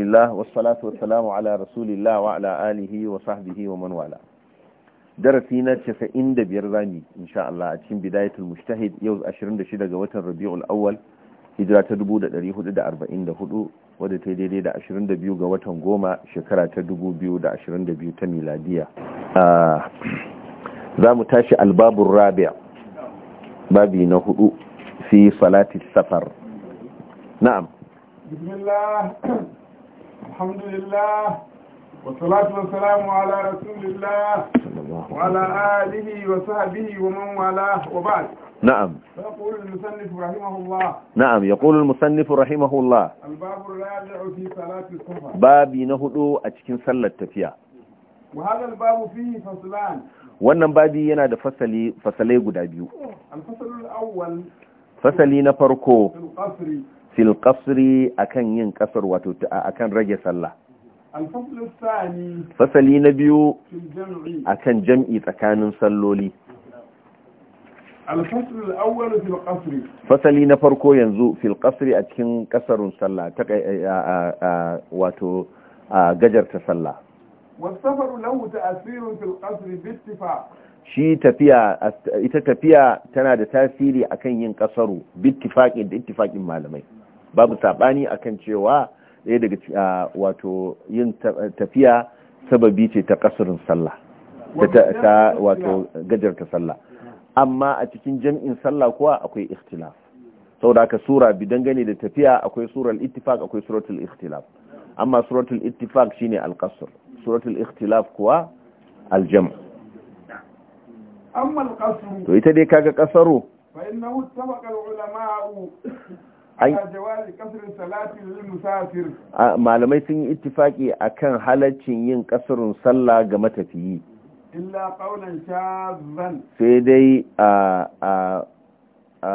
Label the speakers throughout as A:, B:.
A: Allah wa salatu wa salamu ala rasulillah wa ala alihi wa sahbihi wa man wala darasi na 95 zami insha Allah a cikin bidayatul mujtahid yau 26 ga watan Rabiul Awwal hijira ta 1444 wadda ta daidai da 22 ga watan goma shekara ta 2022 ta miladiya za mu tashi albabun rabia babi na hudu fi salati safar na'am
B: bismillah الحمد لله والصلاة والسلام على رسول الله وعلى آله وصحبه ومن والاه وبعد نعم فيقول المصنف رحمه الله
A: نعم يقول المصنف رحمه الله
B: الباب الرابع في صلاة الصبح باب
A: نهدو أتكين صلاة تفيا
B: وهذا الباب فيه فصلان
A: wannan babi yana da fasali fasalai guda biyu fasali na farko fil qasri akan yin ƙasar wato a kan rage sallah fasali na biyu a kan jam'i tsakanin salloli fasali na farko yanzu fil qasri a cikin kasarun sallah ta wato gajarta sallah
B: والسفر له تأثير في القصر باتفاق
A: shi tafiya ita tafiya tana da tasiri akan yin kasaru bittifaqin da ittifaqin malamai babu saɓani akan cewa ɗaya daga wato yin tafiya sababi ce ta kasarin sallah ta wato gajarta sallah amma a cikin jam'in sallah kuwa akwai ikhtilaf saboda ka sura bi dangane da tafiya akwai surar ittifaq akwai suratul ikhtilaf amma suratul ittifaq shine al-qasr suratul ikhtilaf kuwa al-jam' to ita dai kaga kasaro malamai sun yi ittifaki akan halaccin yin kasarun sallah ga matafiyi sai dai a a a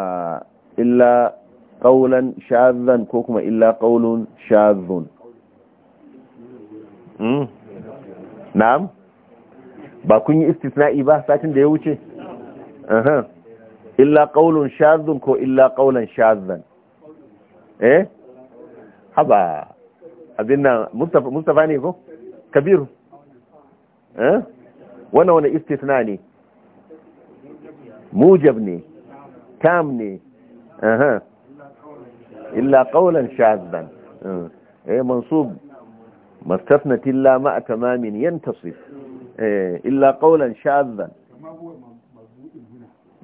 A: illa qaulan shazan ko kuma illa qaulun shazan na'am ba kun yi istisna'i ba satin da ya wuce illa qaulun shadhun ko illa qaulan shadhan eh haba abin nan mustafa mustafa ne ko kabir eh wannan wani istisna ne mujab ne tam ne aha illa qaulan shadhan eh, eh mansub mastafnat illa ma tamamin yantasif Eh, illa qawlan shadhan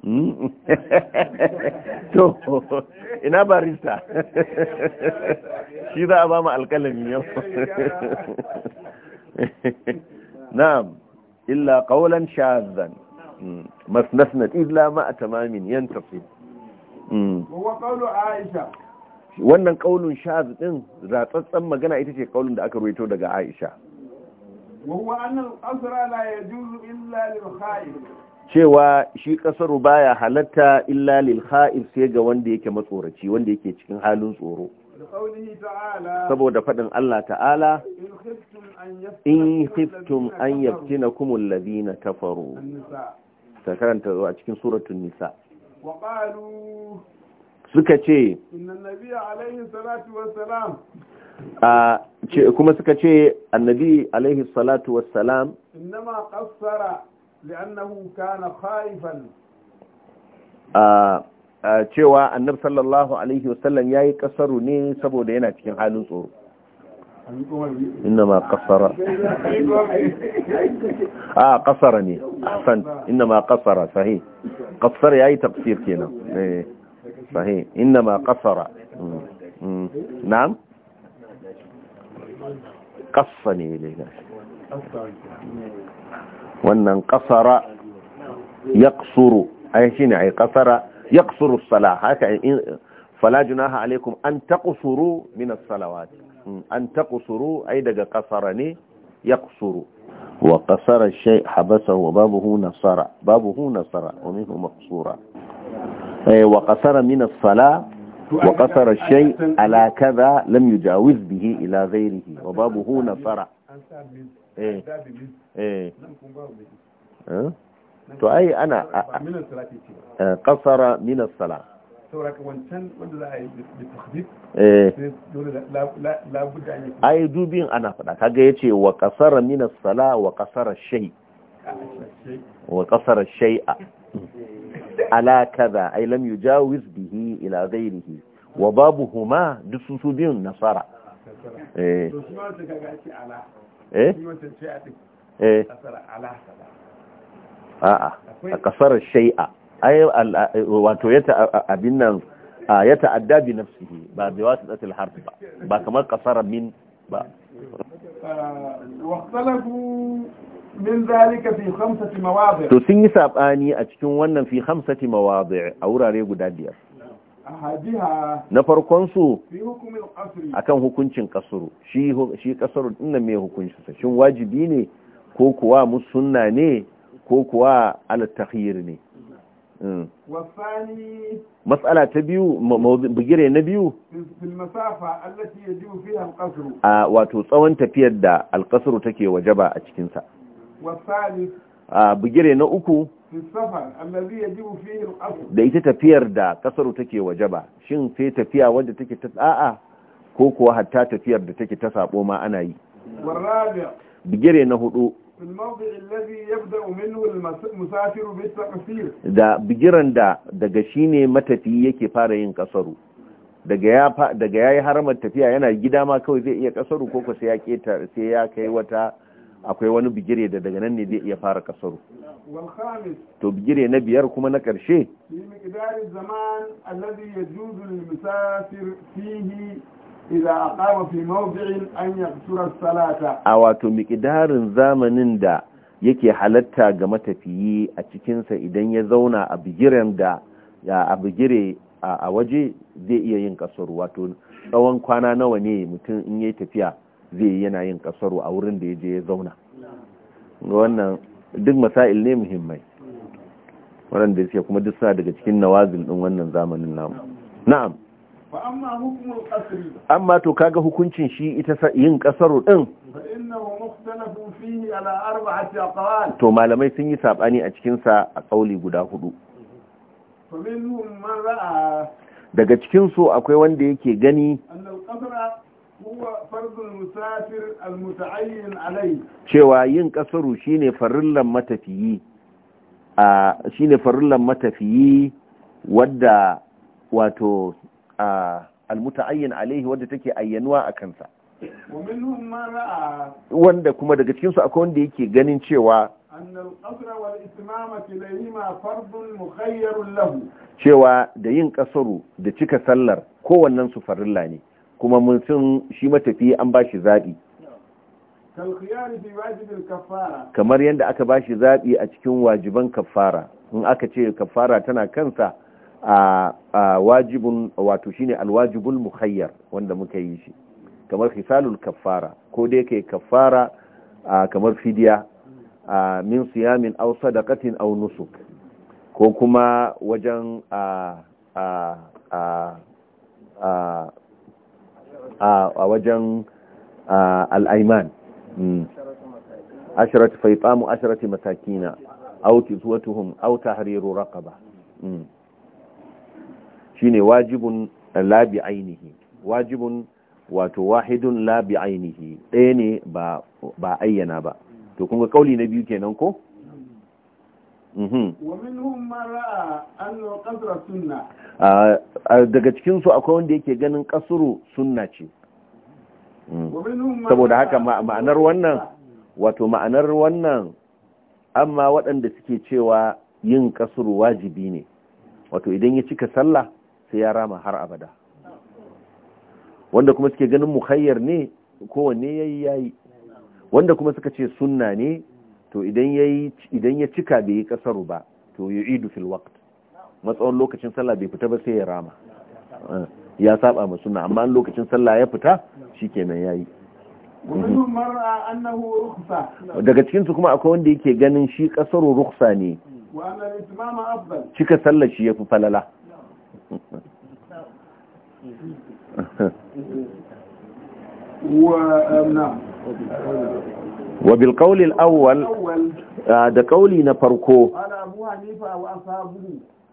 A: hmm? to ina barista shi za a ba mu alƙalami yau na'am illa qawlan shadhan hmm, masnasna illa ma tamamin yantasib hmm.
B: wa qawlu aisha
A: wannan kaulun shaz din ratsatsan magana ita ce kaulun da aka ruwaito daga aisha cewa shi kasaru baya halatta illa lil sai ga wanda yake matsoraci wanda yake cikin halin tsoro saboda faɗin Allah ta'ala
B: in khiftum an yaftinakum
A: alladhina kafaru ta karanta zuwa cikin suratul nisa suka ce inna kuma suka ce annabi alaihi salatu wassalam
B: innama qassara li'annahu kana khaifan
A: A cewa annabi sallallahu alaihi wasallam yayi kasaru ne saboda yana cikin halin tsoro innama qassara ah qassara ne ahsan innama qassara sahih qassara yayi tafsir kenan Sahi eh, sahih innama qassara hmm, hmm. na'am ƙasa ne dai wannan ƙasara ya ƙasuru ai shi ne ai ƙasara ya ƙasuru sala haka fala junaha alaikum an ta ƙasuru minas salawati hmm, an ta ƙasuru ai daga ƙasara ne ya ƙasuru wa ƙasara shai habasa wa babu hu nasara babu hu nasara wa minhu maqsura eh, wa ƙasara minas sala wa kasara shay ala kaza lam bihi ila ghairihi wa babu huna fara
B: eh, eh. to
A: ai ana kasara eh, min as ai dubin ana fada kaga yace wa kasara min as-sala wa kasara shay wa kasara shay'a ala kaza ai lam yujawiz bihi ila ghairihi wa babu huma duk sun su biyun nasara
B: eh eh eh
A: a'a a kasar shay'a ay wato yata abin nan ya ta'adda bi nafsihi ba bi wasitatil harf ba ba kamar kasara min ba
B: واختلفوا eh, min zalika fi khamsati mawadi to
A: sun yi sabani a cikin wannan fi khamsati mawadi a wurare guda biyar na farkon su akan hukuncin kasuru shi shi kasuru din mai hukunci sa shin wajibi ne ko kuwa musunna ne ko kuwa al tahyir ne hmm. matsala ta biyu bugire na biyu a wato tsawon tafiyar da alkasuru take wajaba a cikinsa bugire na uku da ita tafiyar da kasaru take waje ba shin sai tafiya wadda take ta tsa'a ko kuwa hatta tafiyar da take ta sabo ma ana yi bigire na hudu da bigiran da daga shi ne matafi yake fara yin kasaru daga ya yi haramar tafiya yana gida ma kawai zai iya kasaru ko sai ya kai wata akwai wani bigire da daga nan ne zai iya fara kasaru to bigire na biyar kuma na ƙarshe a wato miƙidarin zamanin da yake halatta ga matafiyi a cikinsa idan ya zauna a bigiren da a bigire a waje zai iya yin kasaru wato tsawon kwana nawa ne mutum in yi tafiya zai yi yana yin kasaro a wurin da ya je ya zauna wannan duk masail ne muhimmai ya suke kuma duk suna daga cikin nawazin ɗin wannan zamanin namu na'am amma to kaga hukuncin shi ita yin kasaro ɗin to malamai sun yi saɓani a cikinsa a kauli guda hudu daga cikinsu akwai wanda yake gani
B: musafir alai
A: cewa yin kasaru shine farillan matafiyi a shine farillan matafiyi wadda wato almuta'ayyin alaihi wadda take ayyanuwa a kansa wanda kuma daga cikinsu akwai wanda yake ganin cewa cewa da yin kasaru da cika sallar kowannen su farilla ne kuma mutum shi matafi an ba shi zaɓi kamar yadda aka ba shi zaɓi a cikin wajiban kafara in aka ce kafara tana kansa a wajibin wato shine alwajibul muhayyar wanda muka yi shi kamar hisalul kafara ko dai kai kafara kamar fidiya min siyamin aw sadaqatin aw nusuk ko kuma wajen a a wajen al'aiman hmm. ashirat faifamu ashirati matakina auki zuwatuhum auta tahriru raqaba hmm. shine wajibun labi ainihi wajibun wato wahidun labi ainihi ɗaya ne ba ayyana ba to kunga kauli na biyu kenan ko daga cikin su akwai wanda yake ganin kasuru sunna ce saboda haka ma'anar wannan wato ma'anar wannan amma waɗanda suke cewa yin kasuru wajibi ne wato idan ya cika sallah sai ya rama har abada wanda kuma suke ganin muhayyar ne kowanne yayi yayi wanda kuma suka ce sunna ne to idan ya cika bai yi kasaru ba to yi idu fil waqt matsawon lokacin sallah bai fita ba sai ya rama eh, ya saba ma suna amma lokacin sallah ya fita shikenan yayi mhm. daga cikin su kuma akwai wanda yake ganin shi kasaru ruksa ne cika sallah shi yafi falala
B: wa um,
A: wa bil awwal ah, da kauli na farko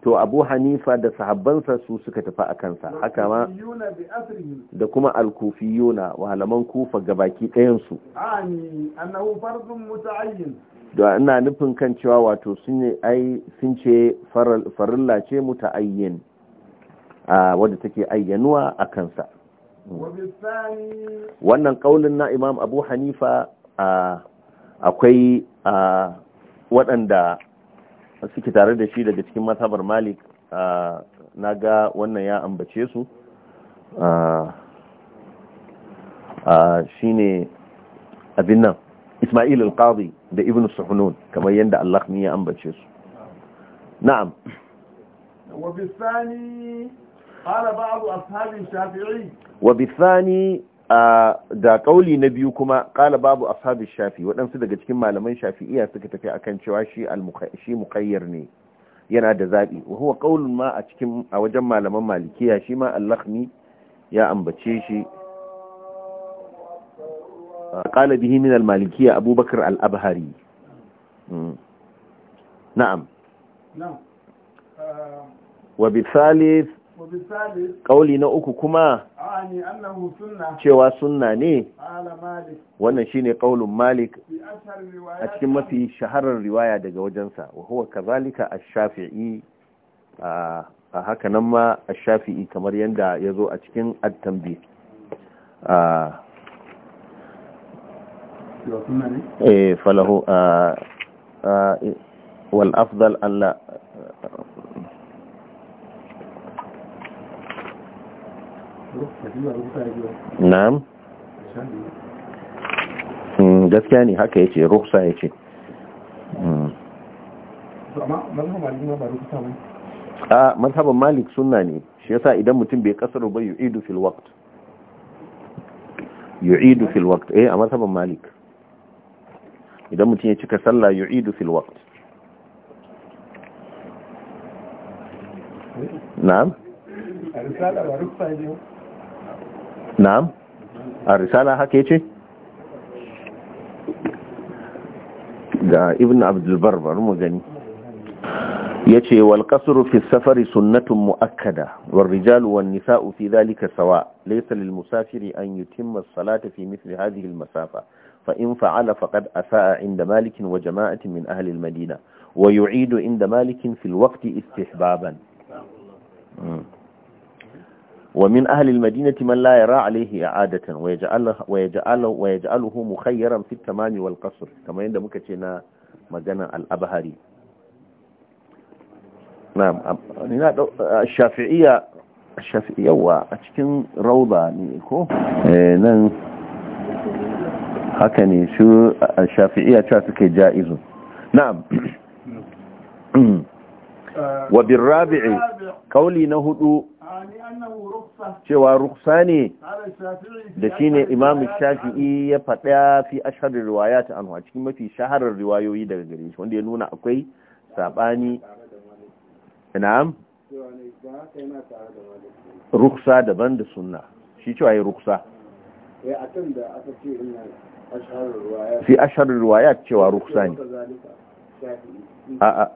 A: to abu hanifa da sahabbansa su suka tafi a kansa haka ma da kuma alkufiyuna wahalaman kufa gabaki ɗayansu da ina nufin kan cewa wato sun ce farilla ce muta'ayyin wadda take ayyanuwa a kansa wannan kaulin na imam abu hanifa akwai waɗanda suke tare da shi daga cikin matabar malik na ga wannan ya ambace su shi ne abin nan ismail al-qadi da ibn suhunun kamar yadda allah ne ya ambace su na'am
B: وبالثاني قال بعض أصحاب الشافعي
A: وبالثاني da kauli na biyu kuma kala babu ashabi shafi waɗansu daga cikin malaman shafi'iyya suka tafi akan cewa shi shi muqayyar ne yana da zabi wa huwa qaulun ma a cikin a wajen malaman malikiya shi ma al-lakhmi ya ambace shi kala bihi min al-malikiya abubakar al-abhari hmm. na'am na'am wa bi thalith kauli na uku kuma cewa sunna ne wannan shine kaulin malik
B: a cikin mafi
A: shaharar riwaya daga wajensa wa huwa kazalika ash-shafi'i a hakanan ma ash-shafi'i kamar yanda yazo a cikin at eh falahu wal afdal Allah na'am hmm, gaskiya ne haka yace ya yace hmm. a mazhaban malik suna ne shi yasa idan mutum bai kasaro ba yu'idu fil waqt yu'idu fil waqt eh a mazhaban malik idan mutum ya cika sallah yu'idu fil waqt na'am
B: risala ba ne
A: na'am a risala haka yace ga ibn abdulbar bari mu gani yace wal qasru fi safari sunnatun muakkada war rijalu wan nisa'u fi zalika sawa laysa lil musafiri an yutimma as-salata fi mithli hadhihi masafa fa in fa'ala a sa'a 'inda malikin wa jama'atin min ahli madina wa yu'idu 'inda malikin fil al-waqti istihbaban hmm. ومن أهل المدينة من لا يرى عليه إعادة ويجعله, ويجعله, ويجعله مخيرا في التمام والقصر كما عند مكتنا مجانا الأبهري نعم الشافعية الشافعية وأتكن روضة نيكو نعم هكذا شو الشافعية تاتك جائز نعم
B: وبالرابع
A: قولي نهدو cewa ruksa ne
B: da shi ne imam
A: shafi'i ya faɗa fi ashirin riwaya ta anhu a cikin mafi shaharar riwayoyi daga gare shi wanda ya nuna akwai saɓani na'am ruksa daban da sunna shi cewa ya ruksa
B: eh, fi
A: ashirin riwaya cewa ruksa ne a'a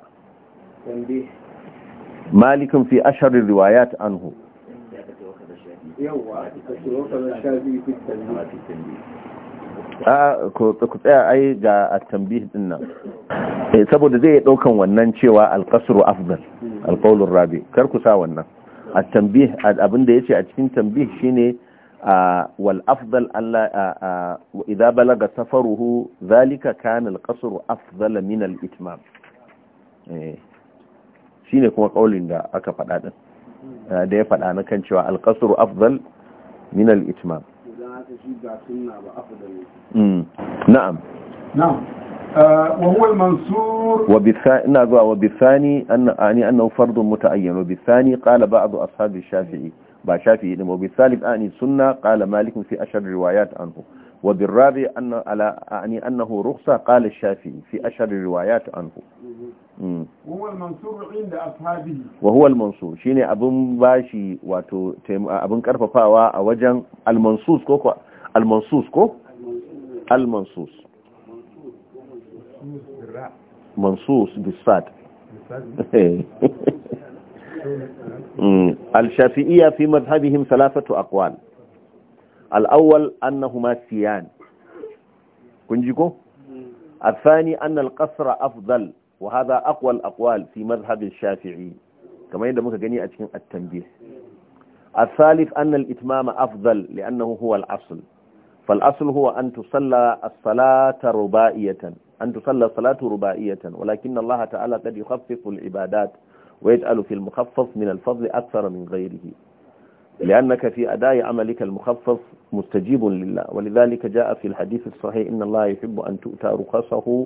A: malikun fi riwaya ta anhu a ah, ku tsaya ai ga a din nan eh, saboda zai daukan wannan cewa al afdal hmm. rabi kar ku sa wannan A tambihi, abinda ce a cikin tanbih shine wal afdal alla idza balaga safaruhu zalika kana al-qasru min Shi eh, ne shine kuma kaulin da aka faɗa din da ya faɗa na kan cewa alƙasar afdal min al'itmam na'am
B: na'am وهو المنصور
A: وبالثاني نعم وبالثاني أن أعني أنه فرض متعين وبالثاني قال بعض أصحاب الشافعي با شافعي وبالثالث أعني السنة قال مالك في أشهر الروايات عنه وبالرابع أن على أعني أنه رخصة قال الشافعي في أشهر الروايات عنه
B: وهو المنصور عند
A: وهو المنصور شيني أبن باشي واتو تيم أبن كرففا ووجن المنصوص كوكو المنصوص كو المنصوص منصوص بالصاد الشافعية في مذهبهم ثلاثة أقوال الأول أنهما سيان كنجيكو الثاني أن القصر أفضل وهذا أقوى الأقوال في مذهب الشافعي كما يندى متقني التنبيه الثالث أن الإتمام أفضل لأنه هو الأصل فالأصل هو أن تصلى الصلاة رباعية أن تصلى الصلاة رباعية ولكن الله تعالى قد يخفف العبادات ويجعل في المخفف من الفضل أكثر من غيره لأنك في أداء عملك المخفف مستجيب لله ولذلك جاء في الحديث الصحيح إن الله يحب أن تؤتى رخصه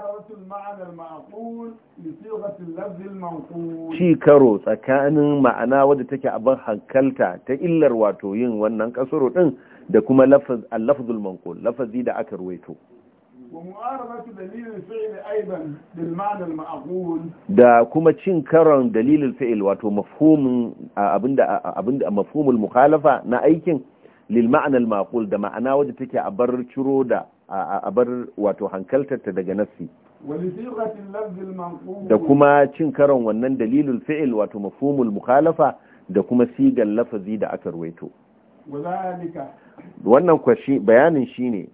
A: ci tsakanin ma'ana wadda take abin hankalta ta illar wato yin wannan kasuru din da kuma lafazul manqul lafazi da aka ruwaito da kuma cin karon dalilin fa'il wato mafhumin abinda abinda mafhumul mukhalafa na aikin lil ma'anar maqul da ma'ana wadda take a bar ciro da a bar wato ta daga nassi
B: da kuma
A: cin karon wannan dalilul fi'il wato mafhumul mukhalafa da kuma sigar lafazi da aka ruwaito wannan kwashi bayanin shine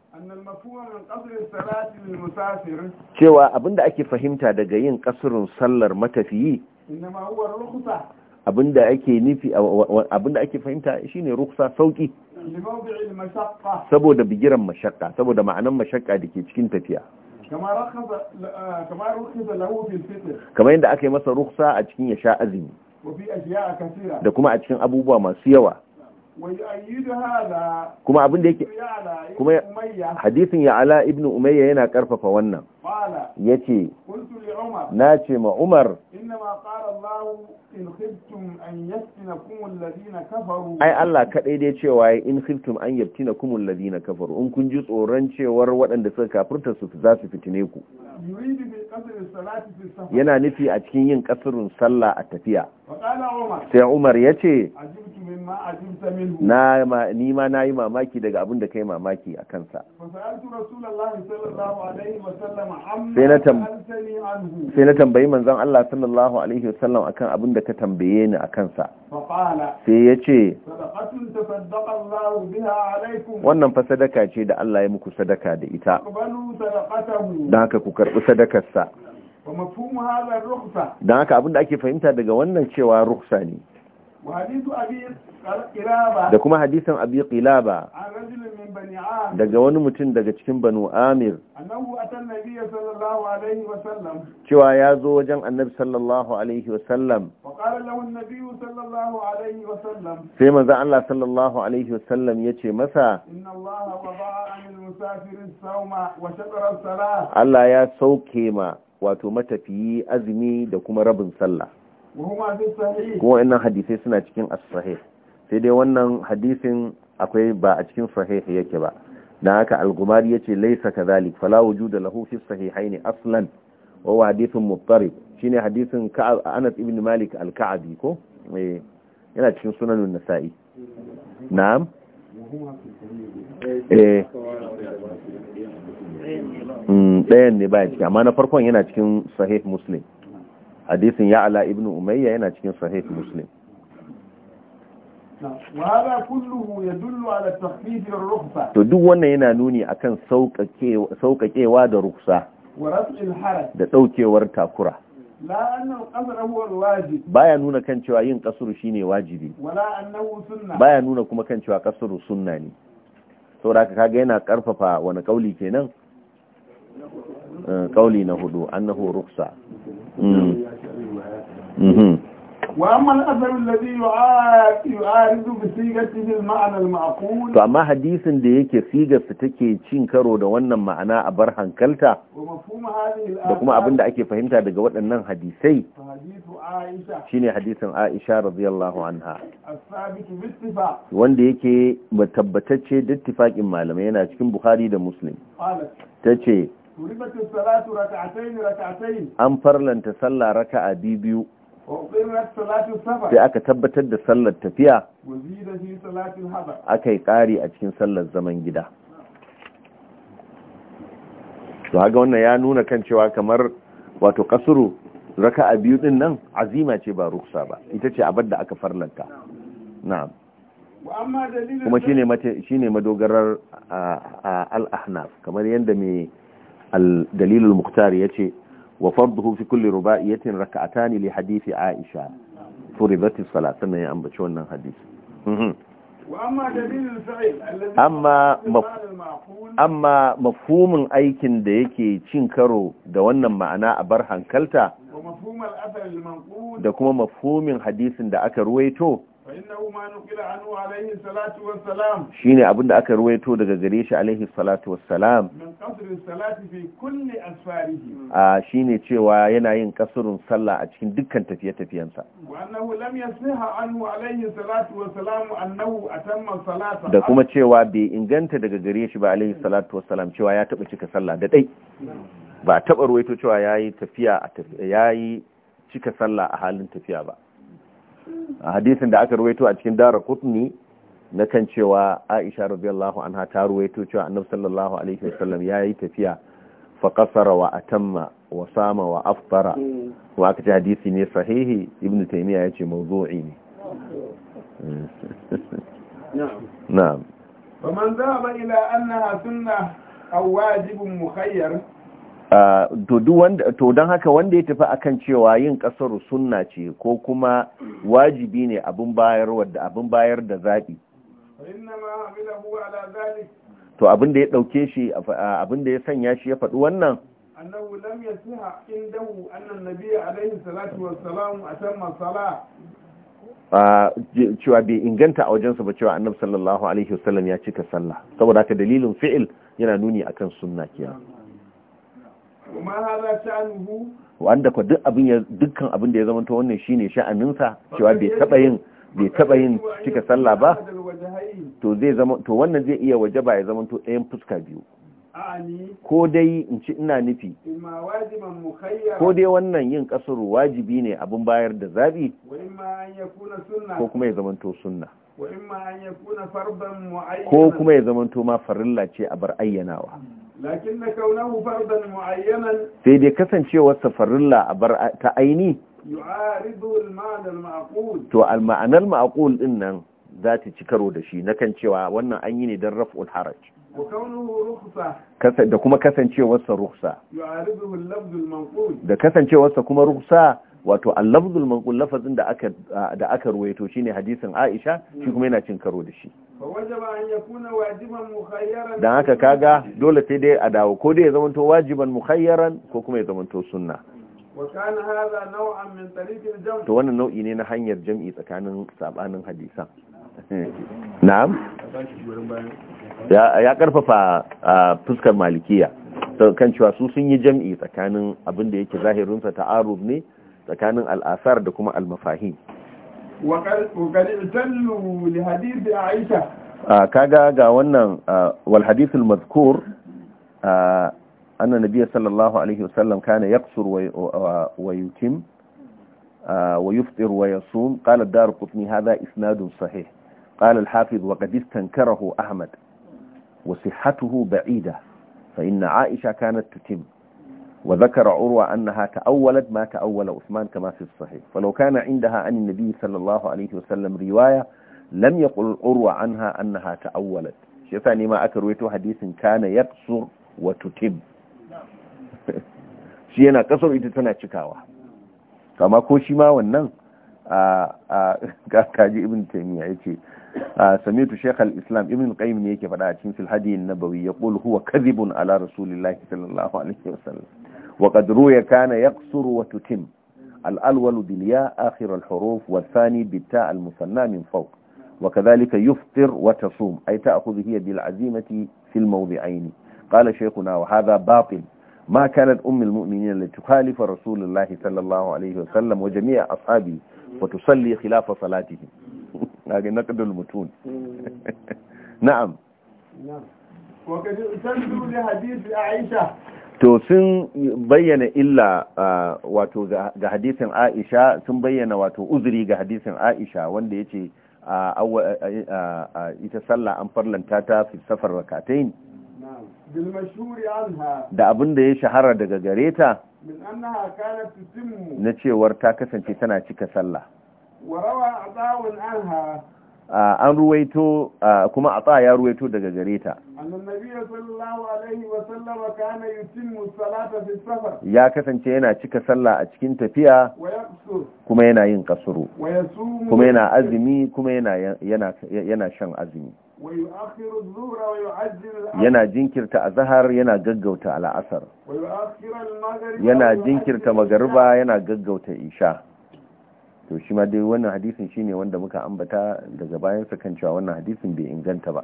A: cewa abinda ake fahimta daga yin kasurin sallar matafiyi abinda ake nufi abinda ake fahimta shine ruksa sauki saboda bigiran mashakka saboda ma'anan mashakka dake cikin tafiya
B: Ah, kamar
A: yadda aka yi masa ruksa a cikin ya sha azumi da kuma a cikin abubuwa masu yawa kuma abin da yake
B: kuma hadisin ya
A: ala ibn umayya yana karfafa wannan
B: ya na
A: ce ma umar ai Allah kaɗai dai cewa in khiftum an yabtina kumul ladina kafaru in kun ji tsoron cewar waɗanda suka kafirta su za su fitine ku yana nufi a cikin yin kasurin sallah a tafiya sai umar ya ce na ma ni ma nayi mamaki daga abin da kai mamaki a kansa
B: sai na tambayi
A: manzon Allah sallallahu alaihi wasallam akan abin da ka tambaye ni a kansa sai ya ce wannan fa sadaka ce da Allah ya muku sadaka da ita
B: don haka ku karɓi
A: sadakarsa don haka abin da ake fahimta daga wannan cewa ruksa ne da kuma hadisin abi qilaba daga wani mutum daga cikin banu amir cewa ya zo wajen annabi sallallahu alaihi wasallam sai manzo Allah sallallahu alaihi wasallam ya ce masa Allah ya sauke ma wato matafiyi azumi da kuma rabin sallah
B: kuma wannan
A: hadisai suna cikin as-sahih sai dai wannan hadisin akwai ba a cikin sahihi yake ba dan haka al-gumari yace laysa kadhalik fala wujuda lahu fi sahihayn aslan wa huwa hadithun muttarib shine hadisin Anas ibn Malik al-Ka'bi ko eh, yana cikin sunan nasa'i na'am
B: eh mm,
A: ɗayan ne ba ciki amma na farkon yana cikin sahih muslim hadisin ya'ala ibn umayya yana cikin sahih muslim to duk wannan yana nuni akan sauƙaƙewa da ruksa da ɗaukewar takura baya nuna kan cewa yin shi shine wajibi baya nuna kuma kan cewa kasuru sunna ne saboda kaga yana karfafa wani kauli kenan kauli eh, na hudu annahu ruksa mhm hmm.
B: To amma الذي
A: da yake sigarsa take cin karo da wannan ma'ana a bar hankalta da kuma abin da ake fahimta daga waɗannan hadisai shine hadisin Aisha radiyallahu anha wanda yake tabbatacce da malamai yana cikin Bukhari da Muslim ce An farlanta sallah raka'a biyu
B: sai aka
A: tabbatar da sallar tafiya aka yi ƙari a cikin sallar zaman gida to haga wannan ya nuna kan cewa kamar wato kasuru raka a biyu din nan azima ce ba ruksa ba ita ce abin da aka farlanta na kuma shine ne madogarar al-ahnaf kamar yadda mai dalilul muktari ya ce. wa farduhu fi kulli ruba'iyatin raka'atani li hadisi Aisha furidat as-salat sannan ya ambaci wannan hadisi mhm. amma mafhumin aikin da yake cin karo da wannan ma'ana a bar hankalta da kuma mafhumin hadisin da aka ruwaito shine abinda aka ruwaito daga gare shi alaihi salatu wassalam a shine cewa yana yin kasurin sallah a cikin dukkan tafiye-tafiyensa da kuma cewa bai inganta daga gare shi ba alaihi salatu wassalam cewa ya taba cika sallah da dai ba taba ruwaito cewa ya tafiya cika sallah a halin tafiya ba a hadisin da aka ruwaito a cikin dara kutni na kan cewa aisha radiyallahu anha ta ruwaito cewa annabi sallallahu alaihi wasallam ya yi tafiya fa qasara wa atamma wa sama wa aftara wa aka ce hadisi ne sahihi ibnu taymiya ce mawdu'i ne na'am
B: faman dhaba ila annaha sunnah aw wajibun mukhayyar
A: to don haka wanda ya tafi akan cewa yin kasar sunna ce ko kuma wajibi ne abin bayar da zaɓi to abin da ya ɗauke shi abin da ya sanya shi ya faɗi wannan
B: annahu lam yasiha indahu salatu wassalam atamma salah
A: cewa bai inganta a wajensa ba cewa annabi sallallahu alaihi wasallam ya cika sallah saboda haka dalilin fi'il yana nuni akan sunna kiyar wanda ko duk abin ya dukkan abin da ya zama to wannan shine sha'aninsa cewa bai taba yin bai taba yin cika sallah ba to zai zama to wannan zai iya wajaba ya zama to ɗayan fuska biyu ko dai in ci ina nufi ko dai wannan yin kasuru wajibi ne abin bayar da zabi ko kuma ya to sunna ko kuma ya to ma farilla ce a bar ayyanawa
B: lakin na kaunahu fardan mu'ayyanan
A: sai dai kasancewar safarilla a bar ta aini
B: yu'aridu al-ma'anar ma'qul
A: to al-ma'anar ma'qul din nan za ta ci karo da shi na kan cewa wannan an yi ne don raf'ul haraj da kuma kasancewarsa ruksa da kasancewarsa kuma ruksa wato al-lafzul manqul lafazin da aka da aka ruwaito shine hadisin Aisha shi kuma yana cin karo da shi dan haka kaga dole sai dai a dawo ko dai ya zamanto wajiban mukhayyaran ko kuma ya zamanto sunna to wannan nau'i ne na hanyar jam'i tsakanin sabanin hadisan na'am ya karfafa fuskar malikiya kan cewa su sun yi jam'i tsakanin abin da yake zahirinsa ta'aruf ne tsakanin al'asar da kuma al-mafahim kaga ga wannan walhadithul mazkur anna nabiyya sallallahu alaihi wasallam kana yaqsur wa yutim wa yuftir yasum qala isnadun sahih qala al-hafiz wa qad istankarahu ahmad wa sihhatuhu ba'ida fa inna aisha kanat tutim وذكر عروة أنها تأولت ما تأول عثمان كما في الصحيح فلو كان عندها عن النبي صلى الله عليه وسلم رواية لم يقل عروة عنها أنها تأولت شفاني ما أكرويته حديث كان يقصر وتتب shi yana kasar ita tana cikawa kama ko shi ma wannan kaji ibn taimiyya ya ce samitu shekh islam ibn qayyim ne yake faɗa a cikin filhadi nabawi ya ƙul ala rasulillahi sallallahu alaihi وقد روي كان يقصر وتتم الأول بالياء آخر الحروف والثاني بالتاء المثنى من فوق وكذلك يفطر وتصوم أي تأخذ هي بالعزيمة في الموضعين قال شيخنا وهذا باطل ما كانت أم المؤمنين لتخالف رسول الله صلى الله عليه وسلم وجميع أصحابه وتصلي خلاف صلاته هذا نقد المتون نعم
B: نعم وقد تنزل لحديث عائشة
A: to sun bayyana illa wato ga hadisin aisha sun bayyana wato uzuri ga hadisin aisha wanda ya ce ita sallah an farlanta ta fi safar rakatain da abin da ya shahara daga gare ta na cewar ta kasance tana cika sallah an ruwaito kuma a tsaya ruwaito daga gare ta ya kasance yana cika sallah a cikin tafiya kuma yana yin kasuru
B: kuma yana azumi
A: kuma yana shan azumi yana jinkirta a zahar yana gaggauta al'asar
B: yana jinkirta magariba yana
A: gaggauta isha to shi ma dai wannan hadisin shine wanda muka ambata daga bayan sa kan cewa wannan hadisin bai inganta ba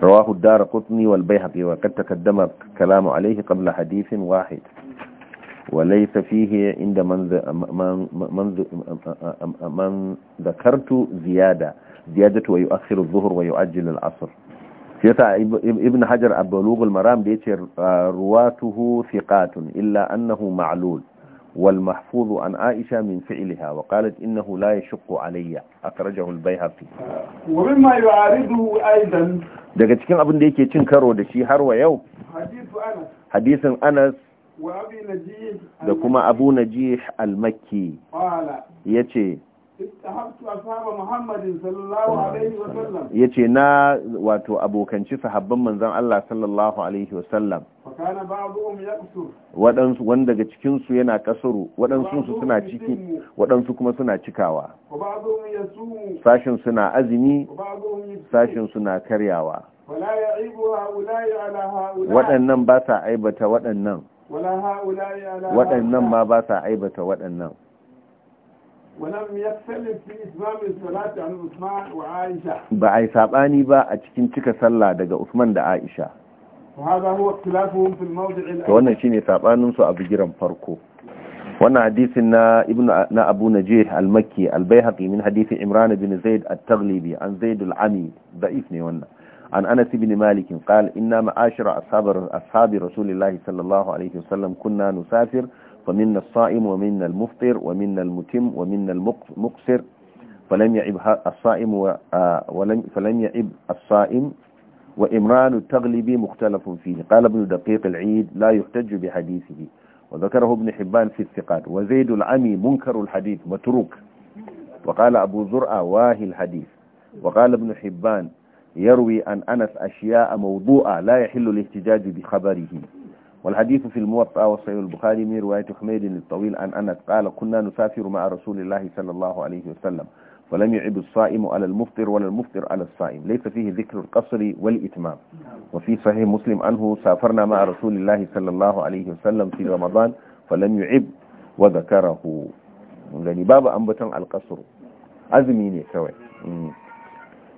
A: rawahu ad-darqutni wal bayhaqi wa qad taqaddama kalamu alayhi qabla hadithin wahid wa laysa fihi inda man man man ziyada ziyadatu wa yu'akhiru adh-dhuhr wa yu'ajjilu al-'asr yata ibn hajar abulugh al-maram bi yace ruwatuhu thiqatun illa annahu ma'lul والمحفوظ عن عائشة من فعلها وقالت إنه لا يشق علي أخرجه البيهقي ومما
B: يعارضه
A: أيضا daga cikin abin da yake cin karo da shi har wa yau hadisin Anas da kuma Abu Najih al-Makki yace ya ce na wato abokanci sahabban manzan Allah sallallahu Alaihi wasallam waɗansu wanda daga cikinsu yana ƙasaru waɗansu suna ciki waɗansu kuma suna cikawa sashin suna azumi sashin suna karyawa waɗannan ba sa aibata waɗannan
B: waɗannan ma
A: ba sa aibata waɗannan ba a yi saɓani ba a cikin cika sallah daga Usman da Aisha. Ta wannan shi ne saɓaninsu a bigiran farko. Wannan hadisin na Ibn na Abu Najih al-Makki al-Baihaqi min hadisin Imran bin Zaid at-Taghlibi an Zaid al da'if ne wannan. عن أنس بن مالك قال إنا معاشر أصحاب, أصحاب رسول الله صلى الله عليه وسلم كنا نسافر فمنا الصائم ومنا المفطر ومنا المتم ومنا المقصر فلم يعب الصائم و... ولم فلم يعب الصائم وإمران التغلبي مختلف فيه قال ابن دقيق العيد لا يحتج بحديثه وذكره ابن حبان في الثقات وزيد العمي منكر الحديث متروك وقال أبو زرع واهي الحديث وقال ابن حبان يروي عن أنس أشياء موضوعة لا يحل الاحتجاج بخبره والحديث في الموطأ وصحيح البخاري من رواية حميد الطويل عن أنس قال كنا نسافر مع رسول الله صلى الله عليه وسلم فلم يعب الصائم على المفطر ولا المفطر على الصائم ليس فيه ذكر القصر والإتمام وفي صحيح مسلم أنه سافرنا مع رسول الله صلى الله عليه وسلم في رمضان فلم يعب وذكره يعني باب أنبتن القصر أزميني كوي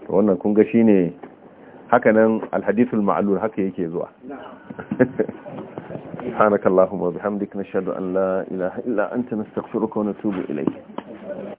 A: wannan kun ga shine haka nan alhadithul ma'alul haka yake zuwa
B: subhanakallahumma
A: wa bihamdika nashhadu an la ilaha illa anta nastaghfiruka wa natubu ilayk